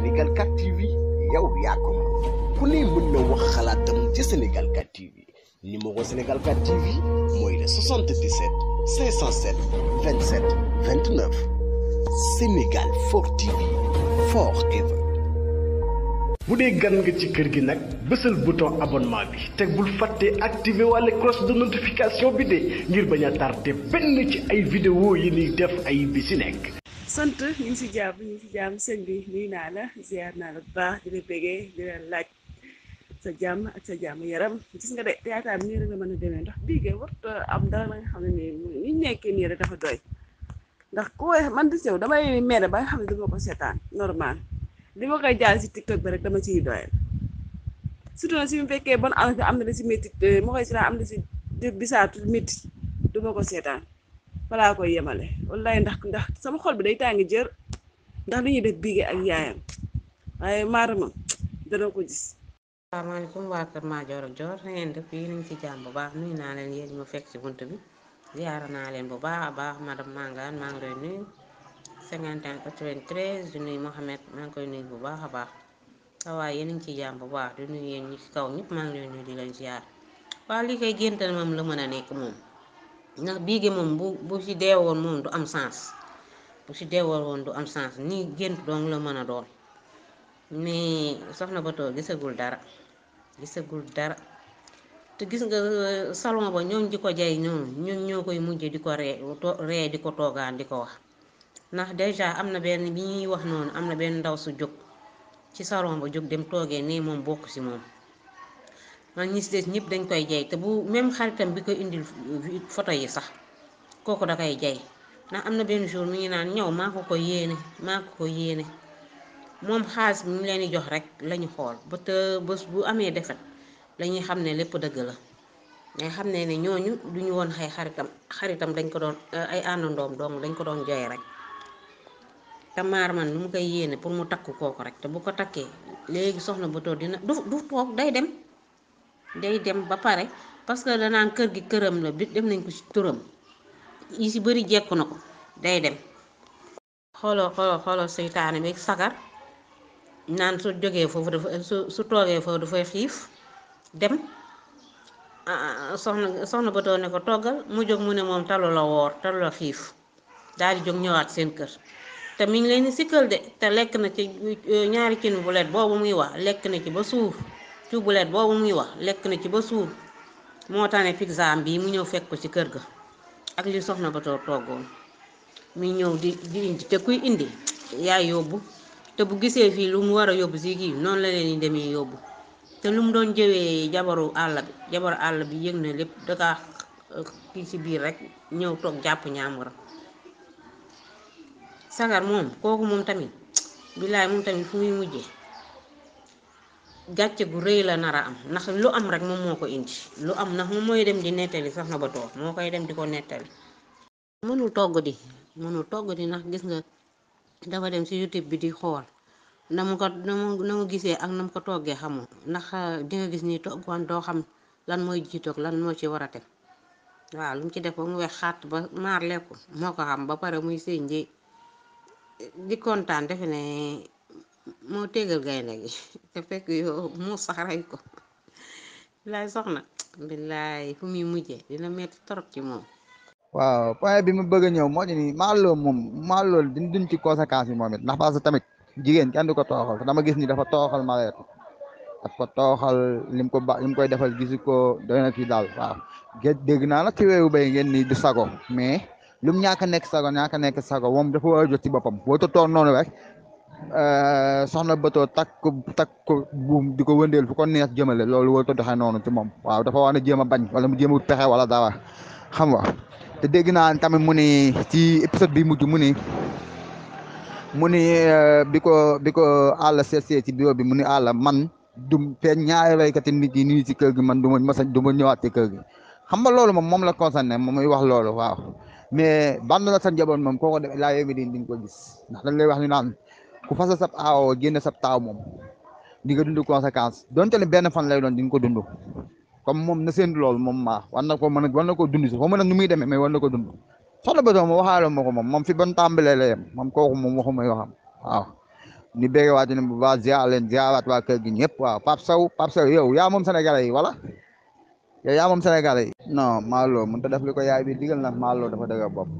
Sénégal 4 TV yow yaa ko ku ne mën na wax xalaatam ci Sénégal 4 TV numéro Sénégal 4 TV mooy le 77 507 27 29 bu dee gan nga ci kër gi nag bésal bouton abonnement bi te bul fàtte activé walla cloche de notification bi de ngir bañ a tardé benn ci ay vidéo yi ni def ay bi ci nekk. sant ñu ci si jàmm ci ngi sëñ bi nuyu naa la ziar naa la bu baax di la bégee di la laaj sa jàmm ak sa jàmm yaram gis nga de théâtre bi nii rek la mën a demee ndax biige warut am dara la nga xam ne nii ni nekkee nii rek dafa doy ndax ku man di sew damay mere ba nga xam ne dama ko seetaan normal li ma koy jaal si tiktok ba rek dama ciy doyal surtout nag su mu fekkee bon am na si métti ma koy si am na si bisaatu métti du ma ko seetaan bala ko yemalé wallahi ndax ndax sama xol bi day tangi jër ndax li ñuy def bigé ak yaayam ay waaye da na ko gis salaamaaleykum waa kër Madior ak jor na ngeen def yi ñu ci jamm bu baax nuy naa leen yéen ñu fekk ci buntu bi ziyara naa leen bu baax baax madam Mangane ma ngi lay nuy 5193 93 di nuyu Mohamed ngi koy nuy bu baax baax tawa yéen ñu ci jamm bu baax du nuy yéen ñi ci kaw ñep ma ngi lay nuy di lay ziyaar wa li kay géntal mom la mëna a nekk moom ndax bii gi moom bu bu ci deewoon moom du am sance bu ci deewoon woon du am sance nii génn doon la mën a doon mais soxna Bato gisagul dara gisagul dara te gis nga euh, salon ba ñoom di ko jay ñoom ñoom ñoo koy mujj di ko ree ree di ko toogaan di ko wax ndax déjà am na benn bi ñuy wax noonu am na benn ndaw su jóg ci salon ba jóg dem toogee ne moom bokk si moom ñi si des ñëpp dañ koy jaay te bu même xaritam bi koy indil euh, photo yi sax kooku da koy jaay ndax am na benn jour mi ngi naan ñëw maa ko ko yéene maa ko ko yéene moom xaalis bi ñu leen di jox rek lañu xool ba te bés bu amee defet lañuy xam ne lépp dëgg la mais xam ne ne ñooñu duñu woon xay xaritam xaritam dañ ko doon euh, ay àndandoom doom dañ ko doon joye rek te maar man lu mu koy yéene pour mu takk kooku rek te bu ko takkee léegi soxna ba toog dina du du toog day dem day dem ba pare parce que danaan kër gi këram la bi dem nañ ko ci turam yi ci bëri jekk na ko day dem xooloo xooloo xooloo seytaane bi sagar naan su jógee foofu dafa su su toogee foofu dafay xiif dem ah, ah, soxna soxna ba doon ko toggal mu jóg mu ne moom talu la woor talu xiif daal di jóg ñëwaat seen kër te mu ngi leen di sikkal de te lekk na ci ñaari cin bu let boobu muy wax lekk na ci ba suuf cuubuleet boobu muy wax lekk na ci ba suur moo tane pizzaam bi mu ñëw fekk ko ci kër ga ak li soxna ba toggoon muy ñëw di di indi te kuy indi yaay yóbbu te bu gisee fii lu mu war a yóbbu si kii noonu la leen di demee yóbbu te lu mu doon jëwee jabaru àll bi jabaru àll bi yëg na lépp daka kii ci biir rek ñëw toog jàpp ñaamuram sagar moom kooku moom tamit billaay moom tamit fu muy mujjee gàcce gu rëy la nara am ndax lu am rek moom moo ko indi lu am ndax moom mooy dem di nettali sax na ba toog moo koy dem di ko nettali mënul togg di mënul togg di ndax gis nga dafa dem si youtube bi di xool na mu ko na mu gisee ak na ko toggee xamu ndax ah, di nga gis ni togg wan doo xam lan mooy jiitoog lan moo ci war a teg waaw lu mu ci def ba mu wex xàtt ba maar lekku moo ko xam ba pare muy sëñ ji di kontaan defe ne moo tegal gaynde gi te fekk yow mu sax rey ko bilaay soxna bilaay fu muy mujjee dina metti torop ci moom waaw point bi ma bëgg a ñëw moo di nii moom maa loolu duñ duñ ci conséquence yi moom it ndax parce que tamit jigéen kenn du ko tooxal te dama gis ni dafa tooxal maleetu daf ko tooxal lim ko ba lim koy defal gisu ko doy na ci daal waaw dégg naa nag ci weewu bay ngeen ni du sago mais lum ñaaka nekk sago ñaaka nekk sago moom dafa war jot ci boppam boo toog noonu rek Eh, soxna bëtoo takk takk buum di ko wëndeel fu ko neex jëmale loolu warut a doxee noonu ci moom waaw dafa war a jéem a bañ wala mu jéem a pexe wala dara xam nga te dégg naa tamit mu ni ci épisode bi mujj mu ni mu ni eh, bi ko bi ko àll seet ci bureau bi mu ni àll man dum te ñaari raykati nit yi nii ci kër gi man du ma masa du ma ñëwaat ci kër gi xam nga loolu moom moom la concerné moom muy wax loolu waaw mais band la sa njaboot moom koo ko def laa yémi di nga ko gis ndax dañ lay wax ñu naan ku fasa sab aawo génn sab taaw moom di nga dund conséquence donte ne benn fan lay doon di nga ko dund comme moom na seen lool moom maa war na ko mën a war na ko dund si ma nag nu muy demee mais war na ko dund soxna Bado ma waxaale ma ko moom moom fi ban tàmbalee la yem moom kooku moom waxu may waxam waaw ni bége waati ne bu baax ziar leen ziaraat waa kër gi ñëpp waaw Pape Sow Pape Sow yow yaa moom Sénégalais yi wala yow yaa moom Sénégalais yi non Malo mënut a def li ko yaay bi digal na Malo dafa dëgg bopp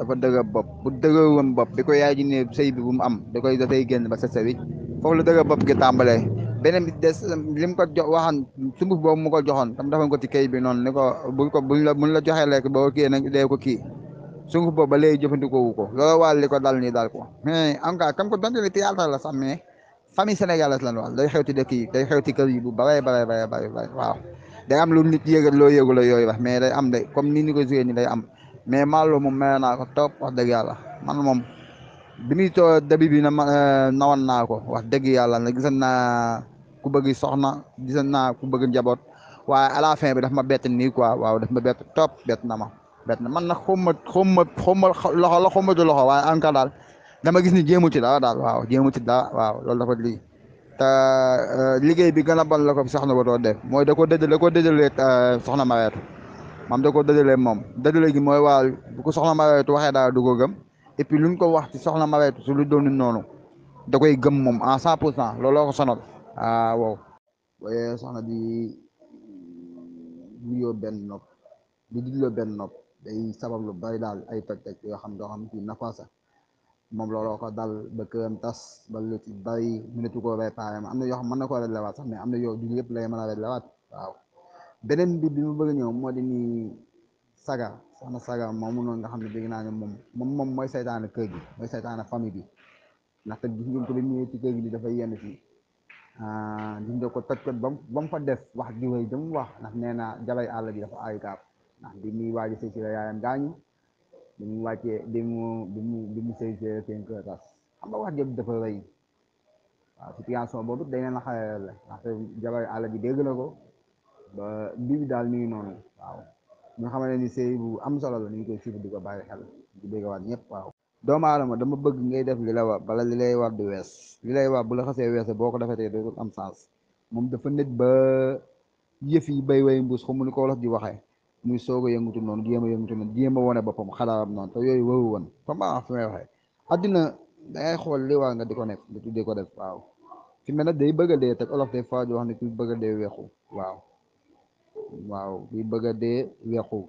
dafa dëgër bopp bu dëgëroon bopp bi ko yaay ji ne sëy bi bu mu am da koy dafay génn ba set sewit foofu la dëgër bopp gi tàmbalee beneen bi des li mu ko jox waxan sumbuf boobu mu ko joxoon tam defoon ko ci kay bi noonu ni ko buñ ko buñ la buñ la joxee lekk boo kii ko kii sunguf boobu ba léegi jëfandikoo wu ko loolu wàll li ko dal daal ko mais en tout cas comme que la sax famille sénégalaise lañu wax day xew ci dëkk yi day am lu nit yëgal loo yëgula yooyu wax mais day am day comme ni ñu ko joué ni am mais Malo moom mere naa ko wax dëgg yàlla man moom bi muy too début bi na ma euh, nawoon naa ko wax dëgg yàlla na gisan naa ku bëgg soxna gisan naa ku bëgg njaboot waaye à la bi daf ma bett nii quoi waaw daf ma bett topp bett na ma bett na man nag xawma xawma xawma loxo la xawma du loxo waaye en daal dama gis ni jéemu ci dara daal waaw jéemu ci dara waaw loolu dafa lii te euh, liggéey bi gën a bon la ko soxna ba doon mooy da ko dëjale da ko dëjale euh, soxna Mareetu mam da ko dajale mom dajale gi moy wal bu ko soxla ma weetu waxee daal du ko gem et puis luñ ko wax ci soxla ma weetu su lu doon nonu da koy gem mom a 100% lolo ko sonal ah waaw way soxna di yo ben nop di digloo ben nop day sabab lu bari dal ay tak tak yo xam do xam ci nafasa mom lolo ko dal ba këram tas ba lu ci bari mënatu ko réparé am na yoo xam man nako koo lewat sax mais am na du yëpp lay man a lewat waaw benen bi bi mu bëgg ñëw di ni saga sama saga moomu non nga xamni ne dégg naa ne mom mom moom mooy saytaane kër gi moy saytaane fami bi ndaxte gis ñu ko bi ñëw ci kër gi li dafa yenn ci di ñu ko toj ko bam bam fa def wax ji way dem wax nak nee jalay allah bi dafa ay gaap nak di muy waji sëy ci yaayam gañu di mu wàccee di mu di mu di mu sey si seen kër tas xam nga wax jëm dafa rëy situation bobu day neen xalé la jalay allah bi dégg na ko ba bi daal mi ngi noonu waaw ñu xamante ni sëy bu am solo la ñu koy suuf di ko bàyyi xel di ñëpp waaw doomu aadama dama bëgg ngay def li la war bala li lay war du wees li lay war bu la xasee weese boo ko defetee dootul am sens moom dafa nit ba yëf yi bay way mbuus xamu ni ko wolof di waxee muy soog a yëngatu noonu jéem a yëngatu noonu jéem a wane boppam xalaaram noonu te yooyu waru woon comme ah fi may xool li war nga di ko nekk nga tuddee ko def waaw fi mu ne day bëgg dee te olof des fois wax ne ku bëgg a dee weexu waaw waaw bi bëgg a dee weexu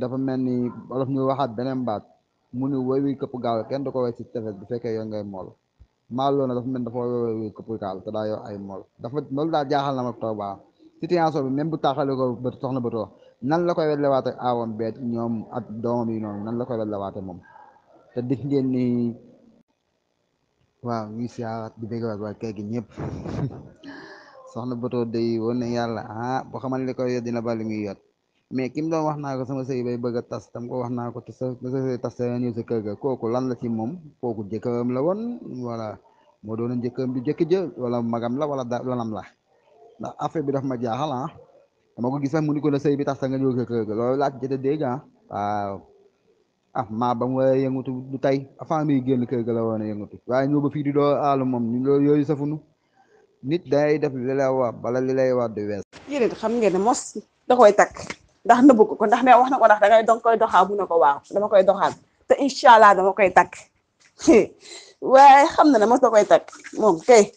dafa mel ni olof ñu waxaat beneen baat mu ni woy wuy këpp gaal kenn du ko way si tefes bu fekkee yow ngay mool maaloo na dafa mel dafa woy wuy këpp gaal te daa yow ay mool dafa loolu daa jaaxal na ma toog baax situation bi même bu taaxale ko bët soxna bëtoo nan la koy wedlewaate aawam beet ñoom a doomam yi noonu nan la koy wedlewaate moom te def ngeen ni waaw ñuy siyaaraat di bégg waat waa kër gi ñëpp soxna Boto day woon ne ah boo xamal li koy yot dina ba li muy yot mais kim doon wax naa ko sama sëy bay bëgg a tas tam ko wax naa ko te sa tas sa ñëw sa kër ga kooku lan la ci moom kooku jëkkëram la woon wala moo doon njëkkëram du jëkk jë wala magam la wala lanam la ndax affaire bi daf ma jaaxal ah dama ko gis sax mu ko na sëy bi tas sa nga ñëw sa kër ga loolu laa ci jëte dégg ah waaw ah maa ba mu war a yëngatu du tey avant muy génn la woon a yëngatu waaye ñëw ba fii di doo loolu yooyu safunu nit day def li lay bala li lay war wees. yéen xam ngeen ne mos da koy takk ndax nëbbu ko ko ndax ne wax na ko ndax dangay danga koy doxaa mu ne ko waaw dama koy doxaat te incha allah dama koy tak waaye xam na ne mos da koy takk moom kay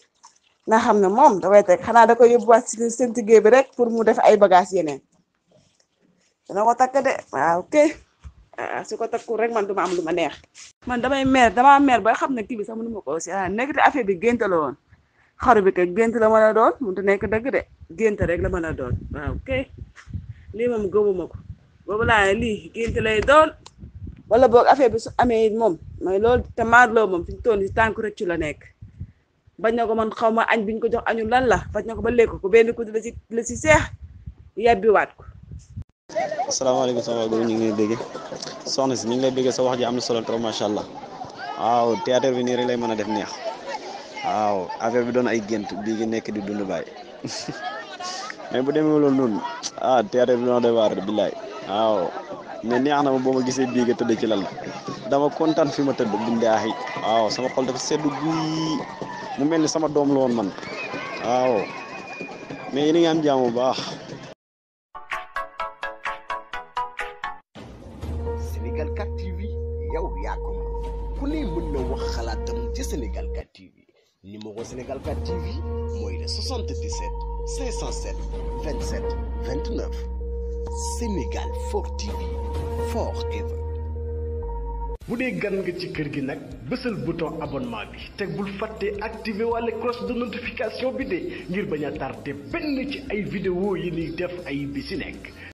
na xam ne moom da koy takk xanaa da koy yóbbuwaat si seen liggéey bi rek pour mu def ay bagages yeneen dana ko takk de waaw kay ah su ko takkul rek man duma am lu ma neex. man damay mer damaa mer ba xam ne kii bi sax mënu ma ko si ah, nekk affaire xaru bi kay gént la mën a doon mënut a nekk dëgg de gént rek la mën a doon waaw kay lii moom gëmuma ko boobu laa ne lii gént lay doon wala boog affaire bi su amee moom mooy loolu te maarloo moom fi ñu toll si tànk rëccu la nekk bañ na ko man xaw ma añ biñ ko jox añu lan la bañ na ko ba lekk ko benn kutu la la si seex yàbbiwaat ko. asalaamaaleykum sama góor ñu ngi lay déggee si ñu ngi lay déggee sa ji am na solo trop macha allah waaw théâtre bi nii rek lay mën a def neex. waaw affaire bi doon ay gént bii gi nekk di dund baay mais bu demee lool noonu ah teere bi doon doy waar billaay waaw mais neex na ma boo ma gisee bii gi tëdd ci lal dama kontaan fi ma tëdd billaahi waaw sama xol dafa sedd guy mu mel ni sama doom la woon man waaw mais yéen a ngi am jàmm bu baax. Sénégal 4 TV il le 77 507 27 29 Sénégal 4 TV forever. bu dee gan nga ci kër gi nag le bouton abonnement bi vous bul fàtte activé walla cloche de notification bi de ngir bañ a tardé benn ci ay vidéo yi ni def ay bi